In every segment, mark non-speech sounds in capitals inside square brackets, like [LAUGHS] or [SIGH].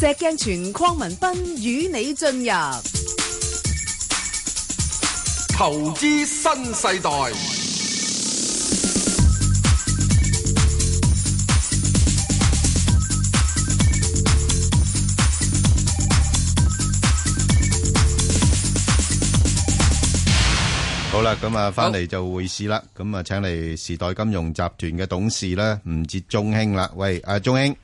石鏡泉鄺文斌與你進入投資新世代。好啦，咁啊翻嚟就會市啦，咁啊請嚟時代金融集團嘅董事咧吳捷鍾兄啦，喂，阿鍾兄。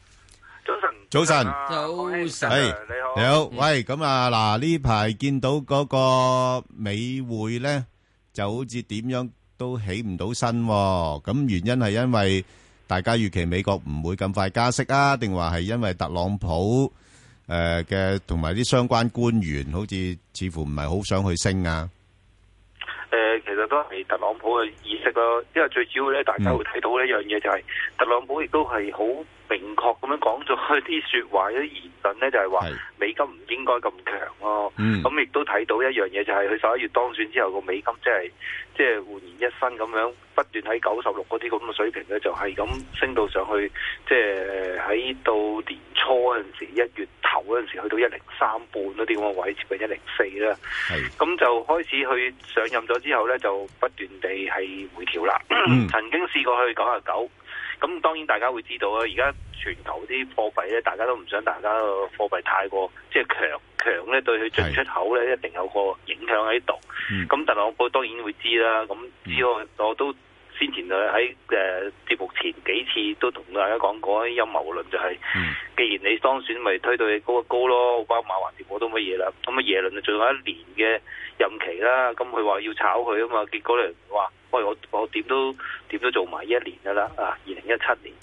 早晨，早晨，你好，你好，喂，咁啊，嗱呢排見到嗰個美匯咧，就好似點樣都起唔到身，咁原因係因為大家預期美國唔會咁快加息啊，定話係因為特朗普誒嘅同埋啲相關官員好似似乎唔係好想去升啊？誒，其實都係特朗普嘅意識咯，因為最主要咧，大家會睇到一樣嘢，就係特朗普亦都係好。明確咁樣講咗一啲說話、一啲言論咧，就係話美金唔應該咁強咯。咁亦都睇到一樣嘢、就是，就係佢十一月當選之後個美金、就是，即係即係煥然一新咁樣，不斷喺九十六嗰啲咁嘅水平咧，就係、是、咁升到上去。即係喺到年初嗰陣時，一月頭嗰陣時去到一零三半嗰啲咁嘅位，接近一零四啦。咁是就開始去上任咗之後咧，就不斷地係回調啦。嗯、曾經試過去九啊九。咁當然大家會知道啊！而家全球啲貨幣咧，大家都唔想大家個貨幣太過即係強強咧，對佢進出口咧是一定有一個影響喺度。咁、嗯、但係我當然會知啦。咁知道我都先前喺誒節目前幾次都同大家講過啲陰謀論、就係，就係、嗯、既然你當選，咪推到你高啊高咯，包括馬雲跌我都乜嘢啦。咁、嗯、啊耶倫就仲有一年嘅任期啦。咁佢話要炒佢啊嘛，結果咧話，我我點都點都做埋一年噶啦啊！二零一七年，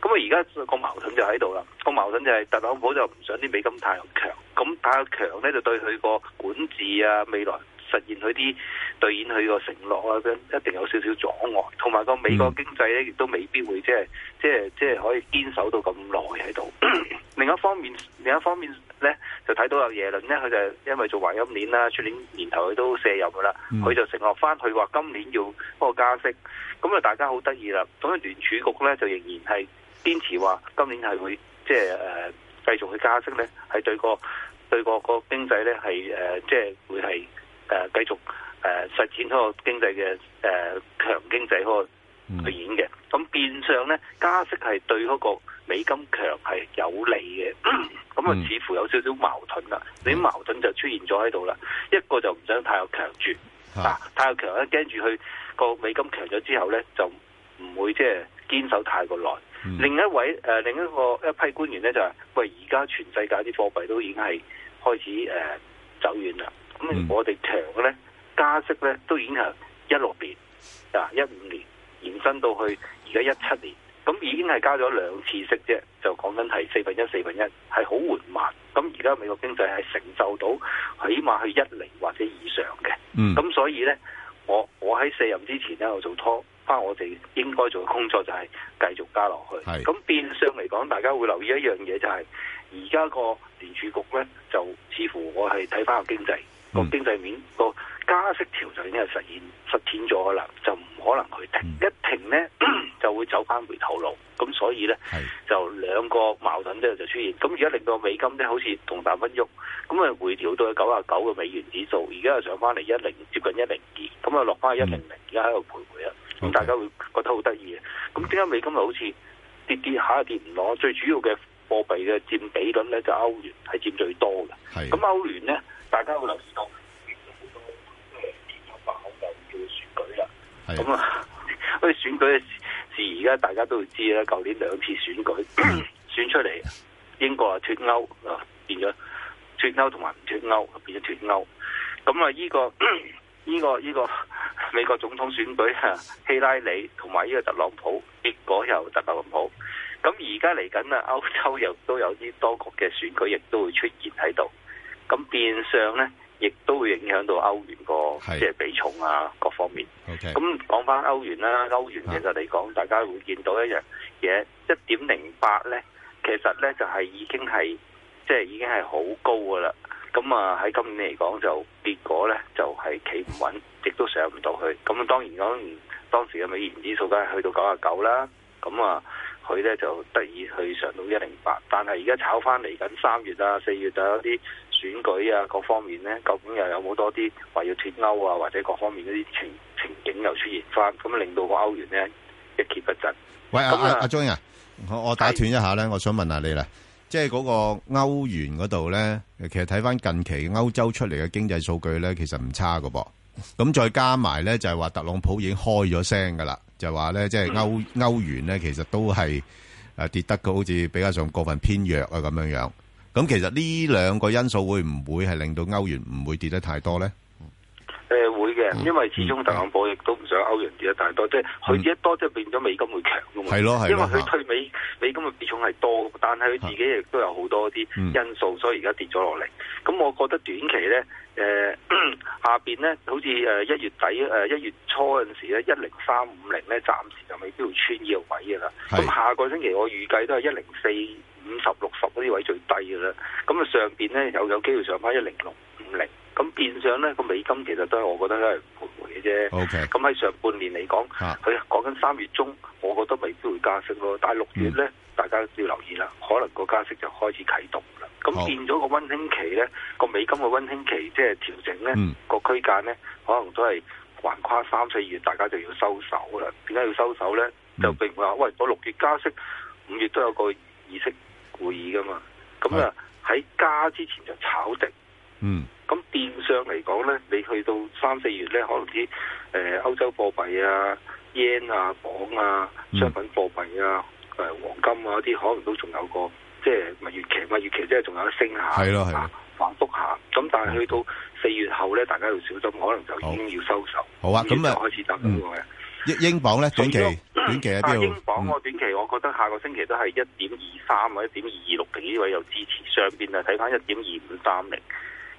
咁啊而家個矛盾就喺度啦。個矛盾就係特朗普就唔想啲美金太強，咁太強咧就對佢個管治啊，未來實現佢啲兌現佢個承諾啊，一定有少少阻礙。同埋個美國經濟咧，亦都未必會即係即係即係可以堅守到咁耐喺度。另一方面，另一方面。咧就睇到有耶倫咧，佢就因為做黃金年啦，出年年頭佢都卸任噶啦，佢就承諾翻，佢話今年要嗰個加息，咁啊大家好得意啦。咁啊聯儲局咧就仍然係堅持話今年係會即係誒繼續去加息咧，係對個對個、呃呃、個經濟咧係誒即係會係誒繼續誒實踐嗰個經濟嘅誒強經濟開、那個。佢演嘅，咁、嗯、變相咧加息係對嗰個美金強係有利嘅，咁啊 [COUGHS] 似乎有少少矛盾啦。啲、嗯、矛盾就出現咗喺度啦。一個就唔想太過強住，啊，太過強咧驚住佢個美金強咗之後咧就唔會即係、就是、堅守太過耐、嗯呃。另一位誒另一個一批官員咧就話、是：喂，而家全世界啲貨幣都已經係開始誒、呃、走遠啦。咁我哋強嘅咧加息咧都已經係一六、啊、年，嗱一五年。延伸到去而家一七年，咁已經係加咗兩次息啫，就講緊係四分一、四分一，係好緩慢。咁而家美國經濟係承受到，起碼去一零或者以上嘅。嗯，咁所以咧，我我喺卸任之前咧，我做拖翻我哋應該做嘅工作，就係繼續加落去。咁是變相嚟講，大家會留意一樣嘢，就是，就係而家個聯儲局咧，就似乎我係睇翻個經濟。個、嗯、經濟面個加息調就已經係實現實踐咗啦，就唔可能去停、嗯、一停咧，就會走翻回頭路。咁所以咧是就兩個矛盾咧就出現。咁而家令到美金咧好似動盪不喐，咁啊回調到去九啊九嘅美元指數，而家又上翻嚟，一零接近一零二，咁啊落翻去一零零，而家喺度徘徊啊。咁大家會覺得好得意啊。咁點解美金又好似跌跌下跌唔落？最主要嘅貨幣嘅佔比率咧就歐、是、元係佔最多嘅。咁歐元咧。大家會留意到變咗好多誒，千頭百孔又要選舉啦。咁啊，好似選舉嘅時，而家大家都會知啦。舊年兩次選舉 [LAUGHS] 選出嚟，英國啊脱歐啊變咗脱歐，同埋唔脱歐變咗脱歐。咁啊，呢個呢個呢個美國總統選舉啊，希拉里同埋呢個特朗普，結果又特朗普。咁而家嚟緊啊，歐洲又都有啲多國嘅選舉，亦都會出現喺度。咁變相咧，亦都會影響到歐元個是即係比重啊，各方面。咁講翻歐元啦，歐元其實嚟講，大家會見到一樣嘢，一點零八咧，其實咧就係、是、已經係即係已經係好高噶啦。咁啊喺今年嚟講，就結果咧就係企唔穩，亦都上唔到去。咁當然講，當時嘅美元指數梗係去到九啊九啦。咁啊，佢咧就得以去上到一零八，但係而家炒翻嚟緊三月啊、四月就有啲。選舉啊，各方面呢，究竟又有冇多啲話要脫歐啊，或者各方面嗰啲情情景又出現翻，咁令到個歐元呢一蹶不振。喂，阿阿鐘啊，我、啊啊、我打斷一下呢，是我想問下你啦，即係嗰個歐元嗰度呢，其實睇翻近期歐洲出嚟嘅經濟數據呢，其實唔差嘅噃。咁再加埋呢，就係話特朗普已經開咗聲嘅啦，就係話呢，即係歐歐元呢，其實都係誒跌得個好似比較上過分偏弱啊咁樣樣。咁其實呢兩個因素會唔會係令到歐元唔會跌得太多呢？誒會嘅，因為始終特朗普亦都唔想歐元跌得太多，即係佢跌得多，即係變咗美金會強嘅嘛。係咯係，因為佢推美美金嘅比重係多，但係佢自己亦都有好多啲因素，的所以而家跌咗落嚟。咁、嗯、我覺得短期咧，誒、呃、下邊咧，好似誒一月底誒一月初嗰陣時咧，一零三五零咧暫時就未必要穿呢個位嘅啦。咁的下個星期我預計都係一零四。五十六十嗰啲位最低嘅啦，咁啊上邊咧又有機會上翻一零六五零，咁變相咧個美金其實都係我覺得都係徘徊嘅啫。O K，咁喺上半年嚟講，佢講緊三月中，我覺得未必會加息咯。但係六月咧，嗯、大家要留意啦，可能個加息就開始啟動啦。咁變咗個溫馨期咧，個好美金嘅溫馨期即係調整咧，個、嗯、區間咧可能都係橫跨三四月，大家就要收手啦。點解要收手咧？嗯、就譬如話，喂，我六月加息，五月都有個意識。」會議㗎嘛，咁啊喺加之前就炒定。嗯，咁變相嚟講咧，你去到三四月咧，可能啲誒、呃、歐洲貨幣啊、yen 啊、鎊啊、商、嗯、品貨幣啊、誒、呃、黃金啊啲，可能都仲有個即係蜜月期？蜜月期即係仲有得升下，係咯係反覆下。咁但係去到四月後咧，大家要小心，可能就已經要收手。好，好啊，咁啊開始執嘅。嗯英鎊咧短期， [COUGHS] 短期、啊、英鎊我、啊、短期我覺得下個星期都係一點二三或者一點二六幾呢位有支持上邊啊！睇翻一點二五三零。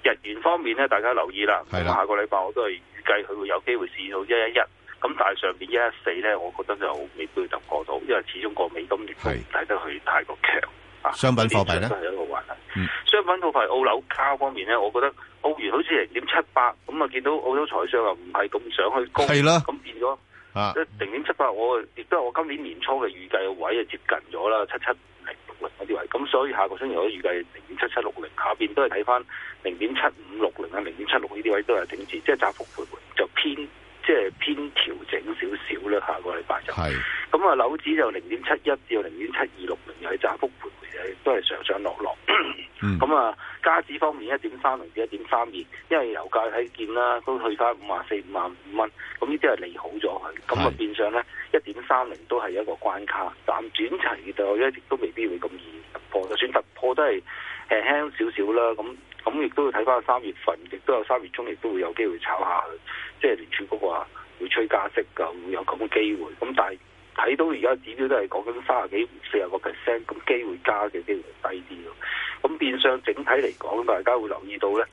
日元方面咧，大家留意啦。咁的下個禮拜我都係預計佢會有機會試到一一一咁，但係上邊一一四咧，我覺得就未必就過到，因為始終個美金亦都睇得佢太過強啊。商品貨幣咧，都係一個話題。嗯、商品套牌澳紐卡方面咧，我覺得澳元好似零點七八咁啊，見到澳洲財商又唔係咁想去高，咁變咗。即係零點七八，78，我亦都係我今年年初嘅預計個位啊，接近咗啦，七七零六零嗰啲位，咁所以下個星期我預計零點七七六零下邊都係睇翻零點七五六零啊，零點七六呢啲位都係整住，即係窄幅徘徊就偏。即係偏調整少少啦，下個禮拜就。咁啊樓指就零點七一至零點七二六零，又係窄幅盤嚟嘅，都係上上落落。咁啊、嗯，加指方面一點三零至一點三二，因為油價睇見啦，都退翻五萬四、五萬五蚊，咁呢啲係利好咗。佢是。咁啊變相咧一點三零都係一個關卡，但轉齊就一直都未必會咁易突破，就算突破都係輕輕少少啦。咁咁亦都要睇翻三月份，亦都有三月中，亦都會有機會炒下，即係連串推加息噶，會有咁嘅機會。咁但係睇到而家指標都係講緊三十幾、四十個 percent，咁機會加嘅機會低啲咯。咁變相，整體嚟講，大家會留意到咧，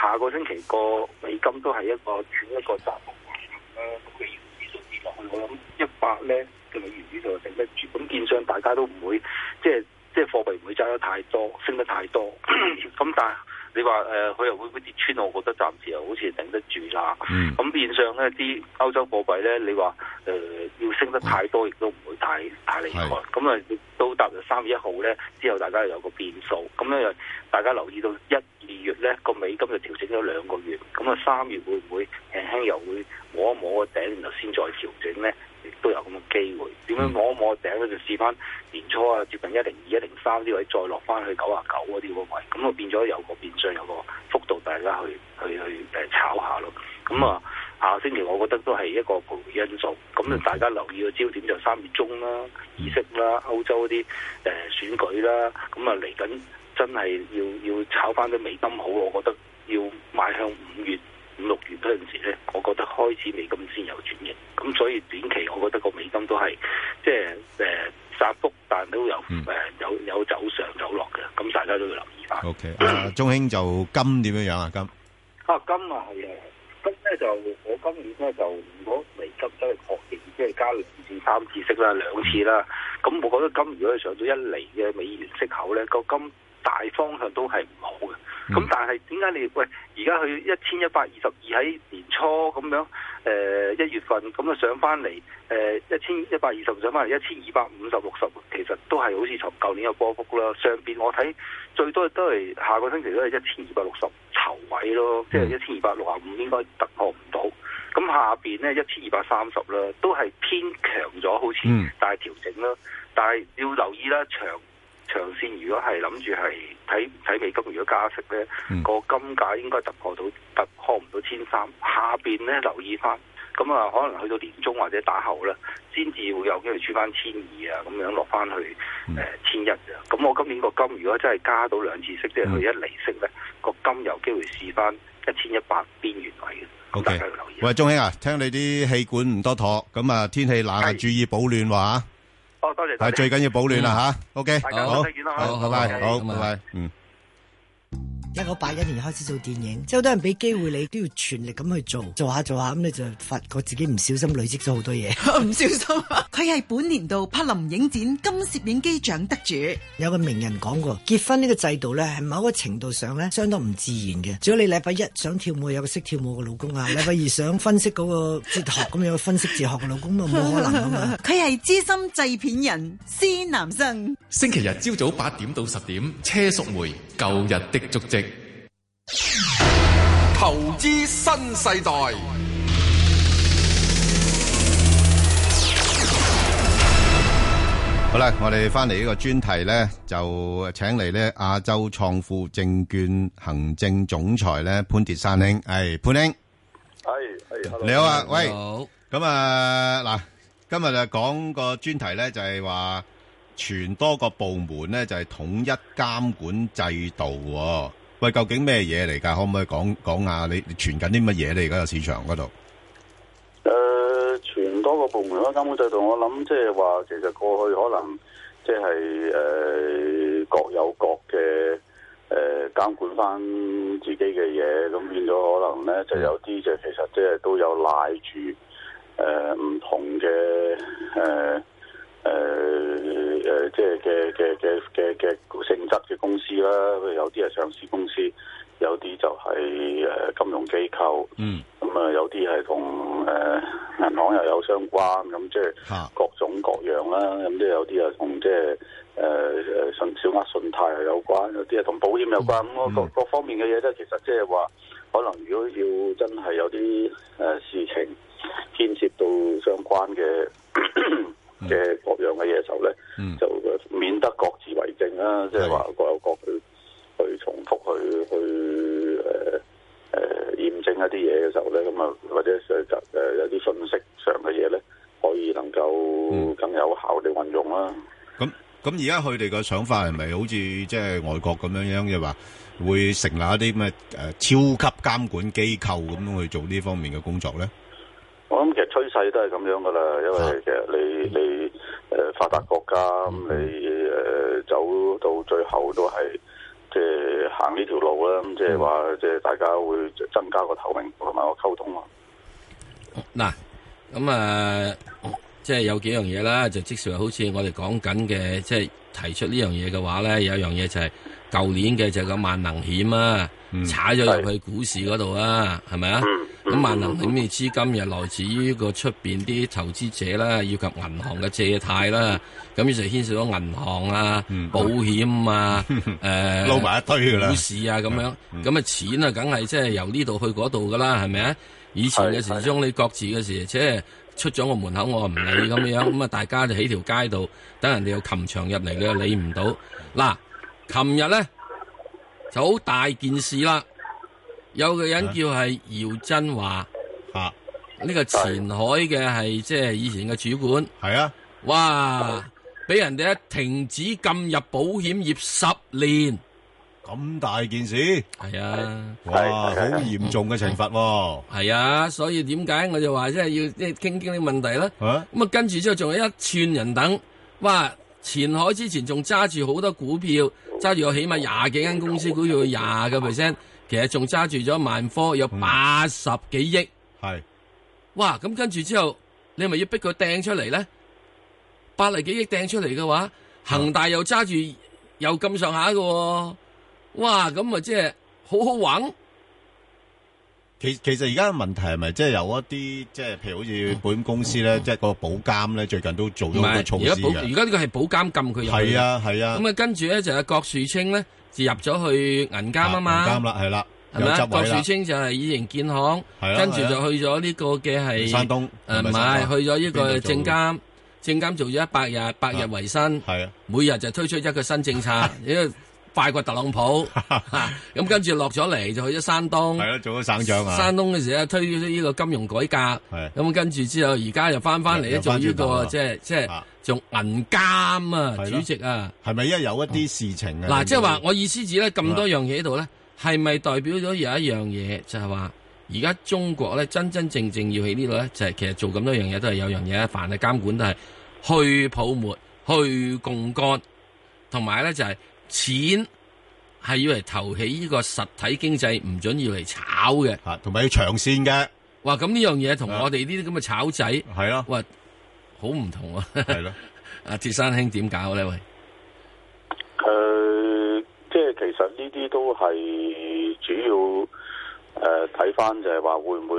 下個星期個美金都係一個轉一個窄幅橫行啦。美元呢度跌落去，我諗一百咧嘅美元指數頂得住。咁變相，大家都唔會，即係即係貨幣唔會揸得太多，升得太多。咁但係。你話誒佢又會唔會跌穿？我覺得暫時又好似頂得住啦。咁變、嗯、相咧啲歐洲貨幣咧，你話誒、呃、要升得太多亦都唔會太太厲害。咁啊、嗯、到踏入三月一號咧之後，大家有個變數。咁咧大家留意到一二月咧個美金就調整咗兩個月。咁啊三月會唔會輕輕又會摸一摸個頂，然後先再，再調整咧？都有咁嘅機會，點樣摸一摸頂咧就試翻年初啊，接近一零二、一零三啲位再落翻去九啊九嗰啲位，咁啊變咗有個變相有個幅度，大家去去去誒炒下咯。咁啊，下、啊、星期我覺得都係一個重要因素。咁啊，大家留意嘅焦點就三月中啦、議息啦、歐洲嗰啲誒選舉啦。咁啊，嚟緊真係要要炒翻啲美金好，我覺得要邁向五月。五六月嗰陣時咧，我覺得開始美金先有轉型，咁所以短期我覺得個美金都係即係誒窄幅，但都有誒、嗯呃、有有走上走落嘅，咁大家都要留意返。O、okay. K，、啊、鍾兄就金點樣樣啊？金啊，金啊係啊，金咧就我今年咧就如果美金真係確定即係加兩次、三次息啦，兩次啦，咁、嗯、我覺得金如果係上到一厘嘅美元息口咧，個金大方向都係唔好嘅。咁、嗯、但係點解你喂而家佢一千一百二十二喺年初咁樣，誒、呃、一月份咁啊上翻嚟，誒一千一百二十上翻嚟一千二百五十六十，其實都係好似從舊年嘅波幅啦。上邊我睇最多都係下個星期都係一千二百六十籌位咯，即係一千二百六啊五應該突破唔到。咁下邊呢，一千二百三十啦，都係偏強咗，好似大調整啦。嗯、但係要留意啦，長長線，如果係諗住係睇睇美金，如果加息咧，個金價應該突破到突破唔到千三，下邊咧留意翻。咁啊，可能去到年中或者打後咧，先至會有機會穿翻千二啊，咁樣落翻去誒千一啊。咁我今年個金如果真係加到兩次息，即係去一厘息咧，個、嗯、金有機會試翻一千一百邊緣位嘅。好嘅，留意。Okay. 喂，鐘兄啊，聽你啲氣管唔多妥，咁啊，天氣冷，注意保暖喎。多多謝，係、oh, 最緊要保暖啦吓。OK，好，好，拜拜，好，拜拜，嗯。一九八一年開始做電影，即好多人俾機會你，都要全力咁去做，做下做下咁你就發覺自己唔小心累積咗好多嘢，唔 [LAUGHS] 小心佢、啊、係 [LAUGHS] 本年度柏林影展金攝影機獎得主。有個名人講過，結婚呢個制度咧，係某一個程度上咧，相當唔自然嘅。如果你禮拜一想跳舞，有個識跳舞嘅老公啊；禮拜二想分析嗰個哲學咁有分析哲學嘅老公，都冇可能噶、啊、嘛。佢係資深製片人施南生。 [LAUGHS] 星期日朝早八點到十點，車淑梅舊日的足跡。 [LAUGHS] [LAUGHS] [LAUGHS] 投資新世代好啦，我哋翻嚟，呢個專題呢，就請嚟，呢亞洲創富證券行政總裁呢潘鐵珊兄，係、哎、潘兄，係係 hi ,你好啊，喂，咁 Hello. 啊嗱，今日就講個專題呢，就係、是、話全多個部門呢，就係、是、統一監管制度、啊。喂，究竟咩嘢嚟噶？可唔可以講講下你？你你傳緊啲乜嘢？你而家個市場嗰度？誒、呃，傳多個部門咯，監管制度，我諗即係話，其實過去可能即係誒各有各嘅誒、呃、監管翻自己嘅嘢，咁變咗可能咧就有啲就其實即係都有拉住誒唔同嘅誒。呃誒誒、呃呃，即係嘅嘅嘅嘅嘅性質嘅公司啦，譬如有啲係上市公司，有啲就係誒金融機構，嗯，咁啊、嗯、有啲係同誒銀行又有相關，咁即係各種各樣啦，咁即都有啲啊同即係誒誒純小額信貸係有關，有啲啊同保險有關，咁、嗯、各、嗯、各方面嘅嘢咧，其實即係話可能如果要真係有啲誒事情牽涉到相關嘅。 [COUGHS] 嘅、嗯、各樣嘅嘢時候咧，嗯、就免得各自為政啦、啊，即係話各有各去去重複去去誒誒驗證一啲嘢嘅時候咧，咁啊或者誒誒、呃、有啲信息上嘅嘢咧，可以能夠更有效啲運用啦、啊。咁咁而家佢哋嘅想法係咪好似即係外國咁樣樣，即係話會成立一啲咩誒超級監管機構咁樣去做呢方面嘅工作咧？世都係咁樣噶啦，因為其實你你誒、呃、發達國家，咁、嗯、你誒、呃、走到最後都係即係行呢條路啦，咁即係話即係大家會增加個透明同埋個溝通咯。嗱、嗯，咁誒、呃、即係有幾樣嘢啦，就即使好似我哋講緊嘅，即係提出呢樣嘢嘅話咧，有一樣嘢就係、是、舊年嘅就係個萬能險啊，嗯、踩咗入去股市嗰度啊，係咪啊？吧咁萬能險嘅資金又來自於個出邊啲投資者啦，以及銀行嘅借貸啦，咁於是牽涉咗銀行啊、保險啊、誒、嗯呃、撈埋一堆股市啊咁樣，咁啊、嗯嗯、錢啊梗係即係由呢度去嗰度噶啦，係咪啊？以前嘅時，之你各自嘅時，即、就、係、是、出咗個門口，我唔理咁樣，咁啊大家就喺條街度等人哋又琴場入嚟，佢又理唔到。嗱，琴日咧就好大件事啦。有個人叫係姚振華，吓呢、啊、個前海嘅，係即係以前嘅主管，係啊，哇！俾人哋一停止禁入保險業十年，咁大件事，係啊，啊哇！好嚴、啊、重嘅懲罰，係啊，所以點解我就話即係要即係傾傾啲問題啦，咁啊跟住之後仲有一串人等，哇！前海之前仲揸住好多股票，揸住我起碼廿幾間公司股票廿個 percent。其實仲揸住咗萬科有八十幾億，係，哇！咁跟住之後，你係咪要逼佢掟出嚟咧？百嚟幾億掟出嚟嘅話，恒大又揸住又咁上下嘅，哇！咁啊，即係好好玩。其其實而家嘅問題係咪即係有一啲即係譬如好似保險公司咧，即係個保監咧，最近都做咗個措施嘅。而家保而家呢個係保監禁佢入去。係啊，係啊。咁啊，跟住咧就係郭樹清咧。入咗去銀監啊嘛，銀監啦係啦，有執委啦。郭樹清就係以前建行，跟住就去咗呢個嘅係山東，唔係去咗呢個證監，證監做咗一百日，百日維新，每日就推出一個新政策，因為快過特朗普。咁跟住落咗嚟就去咗山東，係咯，做咗省長啊。山東嘅時候推出呢個金融改革，咁跟住之後而家又翻翻嚟做呢個即係即係。做銀監啊，的主席啊，係咪因為有一啲事情啊？嗱、嗯，啊、即係話我意思指咧，咁多樣嘢喺度咧，係咪代表咗有一樣嘢，就係話而家中國咧，真真正正要喺呢度咧，就係其實做咁多樣嘢都係有樣嘢，凡係監管都係去泡沫、去槓桿，同埋咧就係錢係要嚟投喺呢個實體經濟，唔准要嚟炒嘅。啊、嗯，同埋要長線嘅。哇，咁呢樣嘢同我哋呢啲咁嘅炒仔，係咯的？啊好唔同啊，係咯，阿鐵珊兄點搞呢？喂，誒，即係其實呢啲都係主要誒睇翻就係話會唔會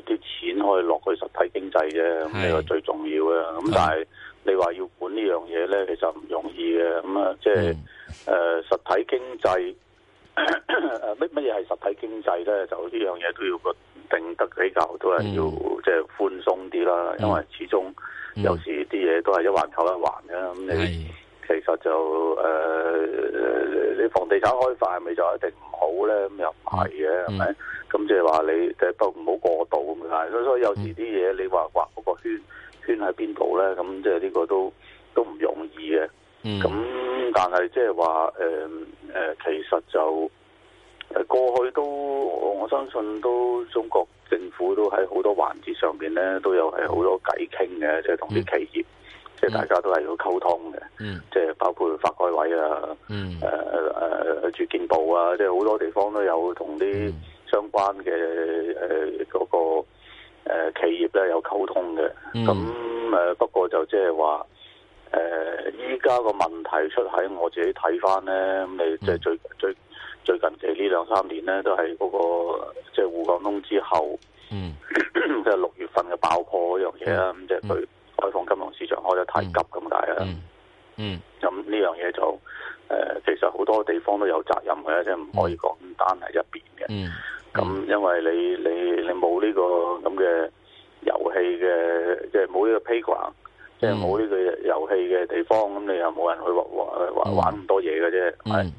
啲錢可以落去實體經濟啫，呢個是的 最重要嘅。咁是的 但係你話要管呢樣嘢咧，其實唔容易嘅。咁、嗯、啊、嗯呃，即係誒實體經濟誒乜嘢係實體經濟咧？就呢樣嘢都要管。定得比較都係要即係寬鬆啲啦，嗯、因為始終有時啲嘢都係一環扣一環嘅。咁、嗯、你其實就誒、呃，你房地產開發係咪就一定唔好咧？咁又唔係嘅，係咪、嗯？咁即係話你即係都唔好過度咁解。所以所以有時啲嘢你話畫嗰個圈圈喺邊度咧？咁即係呢個都都唔容易嘅。咁但係即係話誒誒，其實就。過去都我相信都中國政府都喺好多環節上邊咧都有係好多偈傾嘅，即係同啲企業，嗯、即係大家都係要溝通嘅。嗯，即係包括發改委、嗯呃、啊，嗯，誒誒住建部啊，即係好多地方都有同啲相關嘅誒嗰個誒企業咧有溝通嘅。咁誒、嗯，不過就即係話誒，依家個問題出喺我自己睇翻咧，咁你即係最最。嗯最近即係呢兩三年咧、那個，都係嗰個即係滬港通之後，即係六月份嘅爆破嗰樣嘢啦。咁即係佢開放金融市場開得太急咁大。啊。嗯，咁呢但、嗯、樣嘢就誒、呃，其實好多地方都有責任嘅，即係唔可以講單係一邊嘅。嗯，咁因為你你你冇呢個咁嘅遊戲嘅，即係冇呢個 playground、嗯，即係冇呢個遊戲嘅地方，咁你又冇人去玩玩玩咁多嘢嘅啫。嗯。但 嗯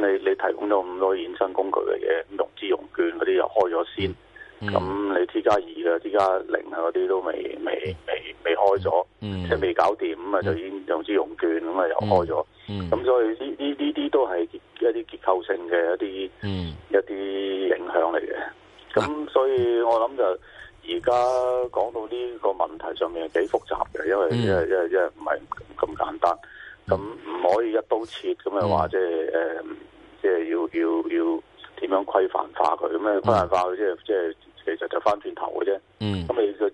你你提供咗咁多衍生工具嘅嘢，融資融券嗰啲又開咗先，咁你 T 加二啊、T 加零啊嗰啲都未未未未開咗，即係未搞掂咁啊，就已經融資融券咁啊又開咗，咁所以呢呢呢啲都係一啲結構性嘅一啲、嗯、一啲影響嚟嘅。咁所以，我諗就而家講到呢個問題上面係幾複雜嘅，因為因為因為因為唔係咁簡單。咁唔、嗯、可以一刀切咁嘅話、嗯、即係誒、呃，即係要要要點樣規範化佢？咁樣規範化佢，即係即係其實就翻轉頭嘅啫。咁、嗯、你個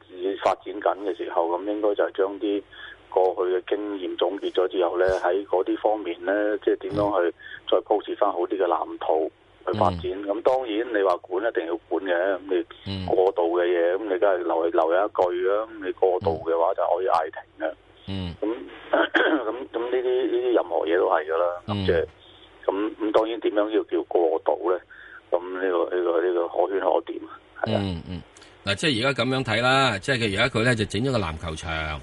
發展緊嘅時候，咁應該就係將啲過去嘅經驗總結咗之後咧，喺嗰啲方面咧，即係點樣去、嗯、再鋪設翻好啲嘅藍圖去發展。咁、嗯、當然你話管一定要管嘅，咁你過度嘅嘢，咁你梗係留留有一句啊！你過度嘅話就可以嗌停嘅。嗯，咁咁咁呢啲呢啲任何嘢都係噶啦，即係咁咁，當然點樣叫叫過度咧？咁呢個呢個呢個可圈可點啊。嗯嗯，嗱，即係而家咁樣睇啦，即係佢而家佢咧就整咗個籃球場，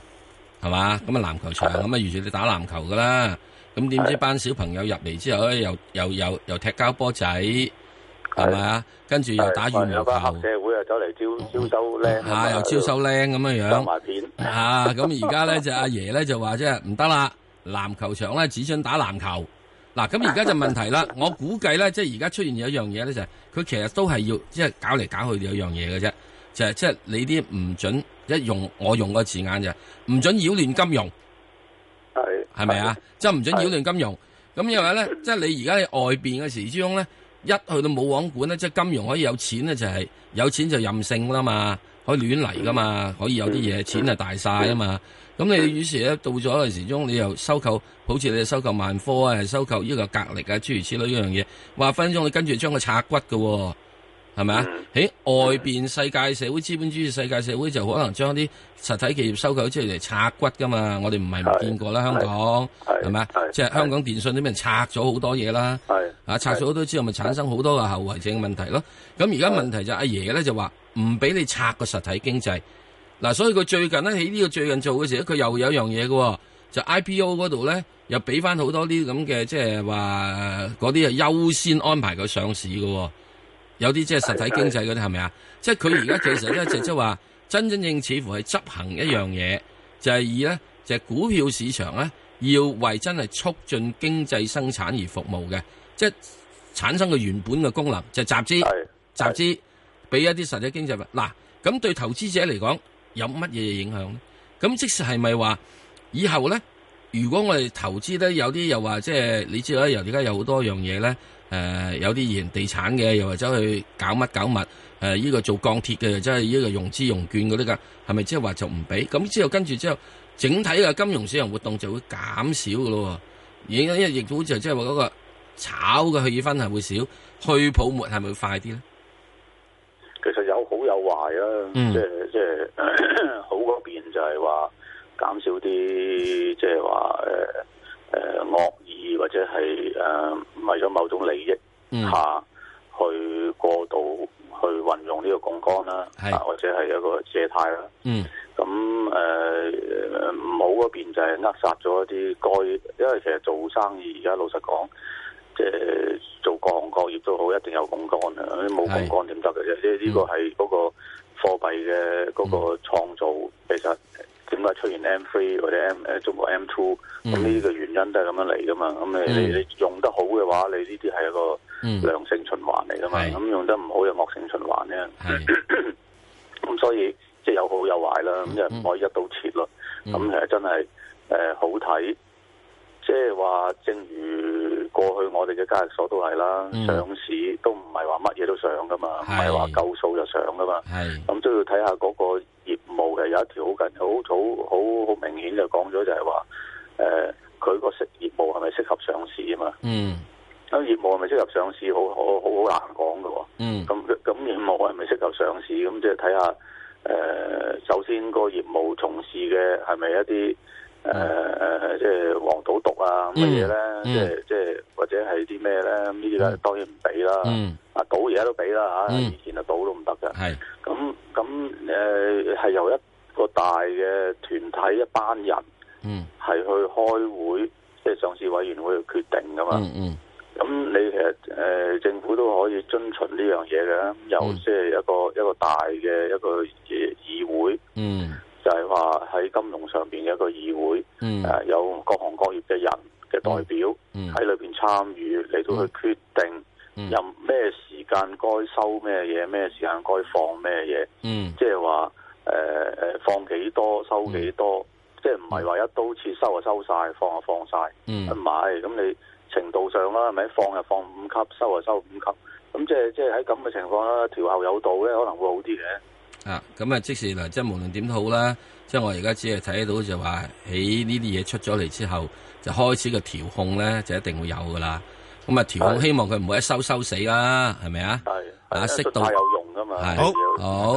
係嘛？咁啊籃球場咁啊預住你打籃球噶啦，咁點知班小朋友入嚟之後咧的，又又又又踢交波仔，係嘛？的的跟住又打羽毛球。黑社會又走嚟招招收靚，嚇，又招收靚咁樣樣。啊，咁而家咧就是、阿爺咧就話即係唔得啦，籃、就是、球場咧只准打籃球。嗱、啊，咁而家就問題啦。我估計咧，即係而家出現有一樣嘢咧，就係、是、佢其實都係要即係、就是、搞嚟搞去有樣嘢嘅啫，就係即係你啲唔准一、就是、用我用個字眼就唔准擾亂金融，係係咪啊？即係唔准擾亂金融。咁又的為咧，即、就、係、是、你而家喺外邊嘅時之中咧，一去到冇王管咧，即、就、係、是、金融可以有錢咧、就是，就係有錢就任性啦嘛。可以亂嚟噶嘛？可以有啲嘢，嗯、錢係大晒啊嘛！咁、嗯、你於是咧到咗嗰陣時中，你又收購，好似你收購萬科啊，收購呢個格力啊，諸如此類呢樣嘢，話分鐘你跟住將佢拆骨嘅喎、哦，係咪啊？喺、嗯欸、外邊世界社會是資本主義世界社會就可能將啲實體企業收購咗之後嚟拆骨噶嘛？我哋唔係唔見過啦，香港係咪啊？即係吧香港電信啲人拆咗好多嘢啦？是是啊，拆咗好多之後咪產生好多嘅後遺症問題咯。咁而家問題就係、阿爺咧就話，啊就唔俾你拆個實體經濟，嗱、啊，所以佢最近咧喺呢個最近做嘅時候，佢又有一樣嘢嘅，就 IPO 嗰度咧，又俾翻好多啲咁嘅，即係話嗰啲係優先安排佢上市嘅、哦，有啲即係實體經濟嗰啲係咪啊？即係佢而家其實咧 [LAUGHS] 就即係話真真正正似乎係執行一樣嘢，就係、是、以咧就係、是、股票市場咧要為真係促進經濟生產而服務嘅，即、就、係、是、產生個原本嘅功能就集資集資。俾一啲實體經濟啦，嗱，咁對投資者嚟講有乜嘢影響呢？咁即使係咪話以後咧，如果我哋投資咧有啲又話即係，你知道咧，由而家有好多樣嘢咧，誒、呃，有啲型地產嘅，又或者去搞乜搞乜，誒、呃，呢、這個做鋼鐵嘅又真係呢個融資融券嗰啲噶，係咪即係話就唔俾？咁之後跟住之後，整體嘅金融市場活動就會減少噶咯，而因為亦好似即係話嗰個炒嘅氣氛係會少，去泡沫係咪會快啲咧？有、嗯、 [LAUGHS] 好有壞啊！即係即係好嗰邊就係話減少啲，即係話誒誒惡意或者係誒為咗某種利益下去過度去運用呢個槓杆啦，是或者係一個借貸啦、啊。咁誒唔好嗰邊就係扼殺咗一啲該，因為其實做生意而家老實講。即係做各行各業都好，一定有槓桿啊！冇槓桿點得嘅啫？呢呢的個係嗰個貨幣嘅嗰個創造，嗯、其實點解出現 M three 或者 M 誒仲有 M two 咁呢個原因都係咁樣嚟噶嘛？咁你你用得好嘅話，你呢啲係一個良性循環嚟噶嘛？咁的用得唔好就惡性循環咧。咁的 [COUGHS] 所以即係、就是、有好有壞啦，咁又唔可以一刀切咯。咁其實真係誒、呃、好睇。即係話，正如過去我哋嘅交易所都係啦，嗯、上市都唔係話乜嘢都上噶嘛，唔係話夠數就上噶嘛。咁是、嗯、都要睇下嗰個業務嘅。有一條好近、好好、好好明顯就講咗，就係話，誒，佢個食業務係咪適合上市啊？嘛，嗯，咁業務係咪適合上市，好好好難講噶。嗯，咁咁業務係咪適合上市？咁即係睇下，誒、呃，首先個業務從事嘅係咪一啲？誒誒，即係黃賭毒啊，乜嘢咧？即係即係或者係啲咩咧？咁呢啲咧，當然唔俾啦。啊賭而家都俾啦吓，嗯、以前啊賭都唔得㗎。係咁咁誒，係、呃、由一個大嘅團體一班人，嗯，係去開會，即、就、係、係、上市委員會去決定噶嘛。嗯。咁你其實誒、呃，政府都可以遵循呢樣嘢嘅，有即係、嗯、一個一個大嘅一個議會。嗯。金融上邊嘅一個議會，誒、嗯呃、有各行各業嘅人嘅代表喺裏邊參與嚟到去決定，任咩、嗯、時間該收咩嘢，咩時間該放咩嘢，即係話誒誒放幾多收幾多，即係唔係話一刀切收就收晒，放就放曬，唔係，咁你程度上啦，咪放就放五級，收就收五級，咁即係即係喺咁嘅情況啦，調後有度嘅可能會好啲嘅。啊，咁啊，即使嗱，即係無論點都好啦，即係我而家只係睇到就話，喺呢啲嘢出咗嚟之後，就開始個調控咧，就一定會有噶啦。咁、嗯、啊，調控希望佢唔會一收收死啦，係咪啊？係對，啊適度有用噶嘛。是對好，好。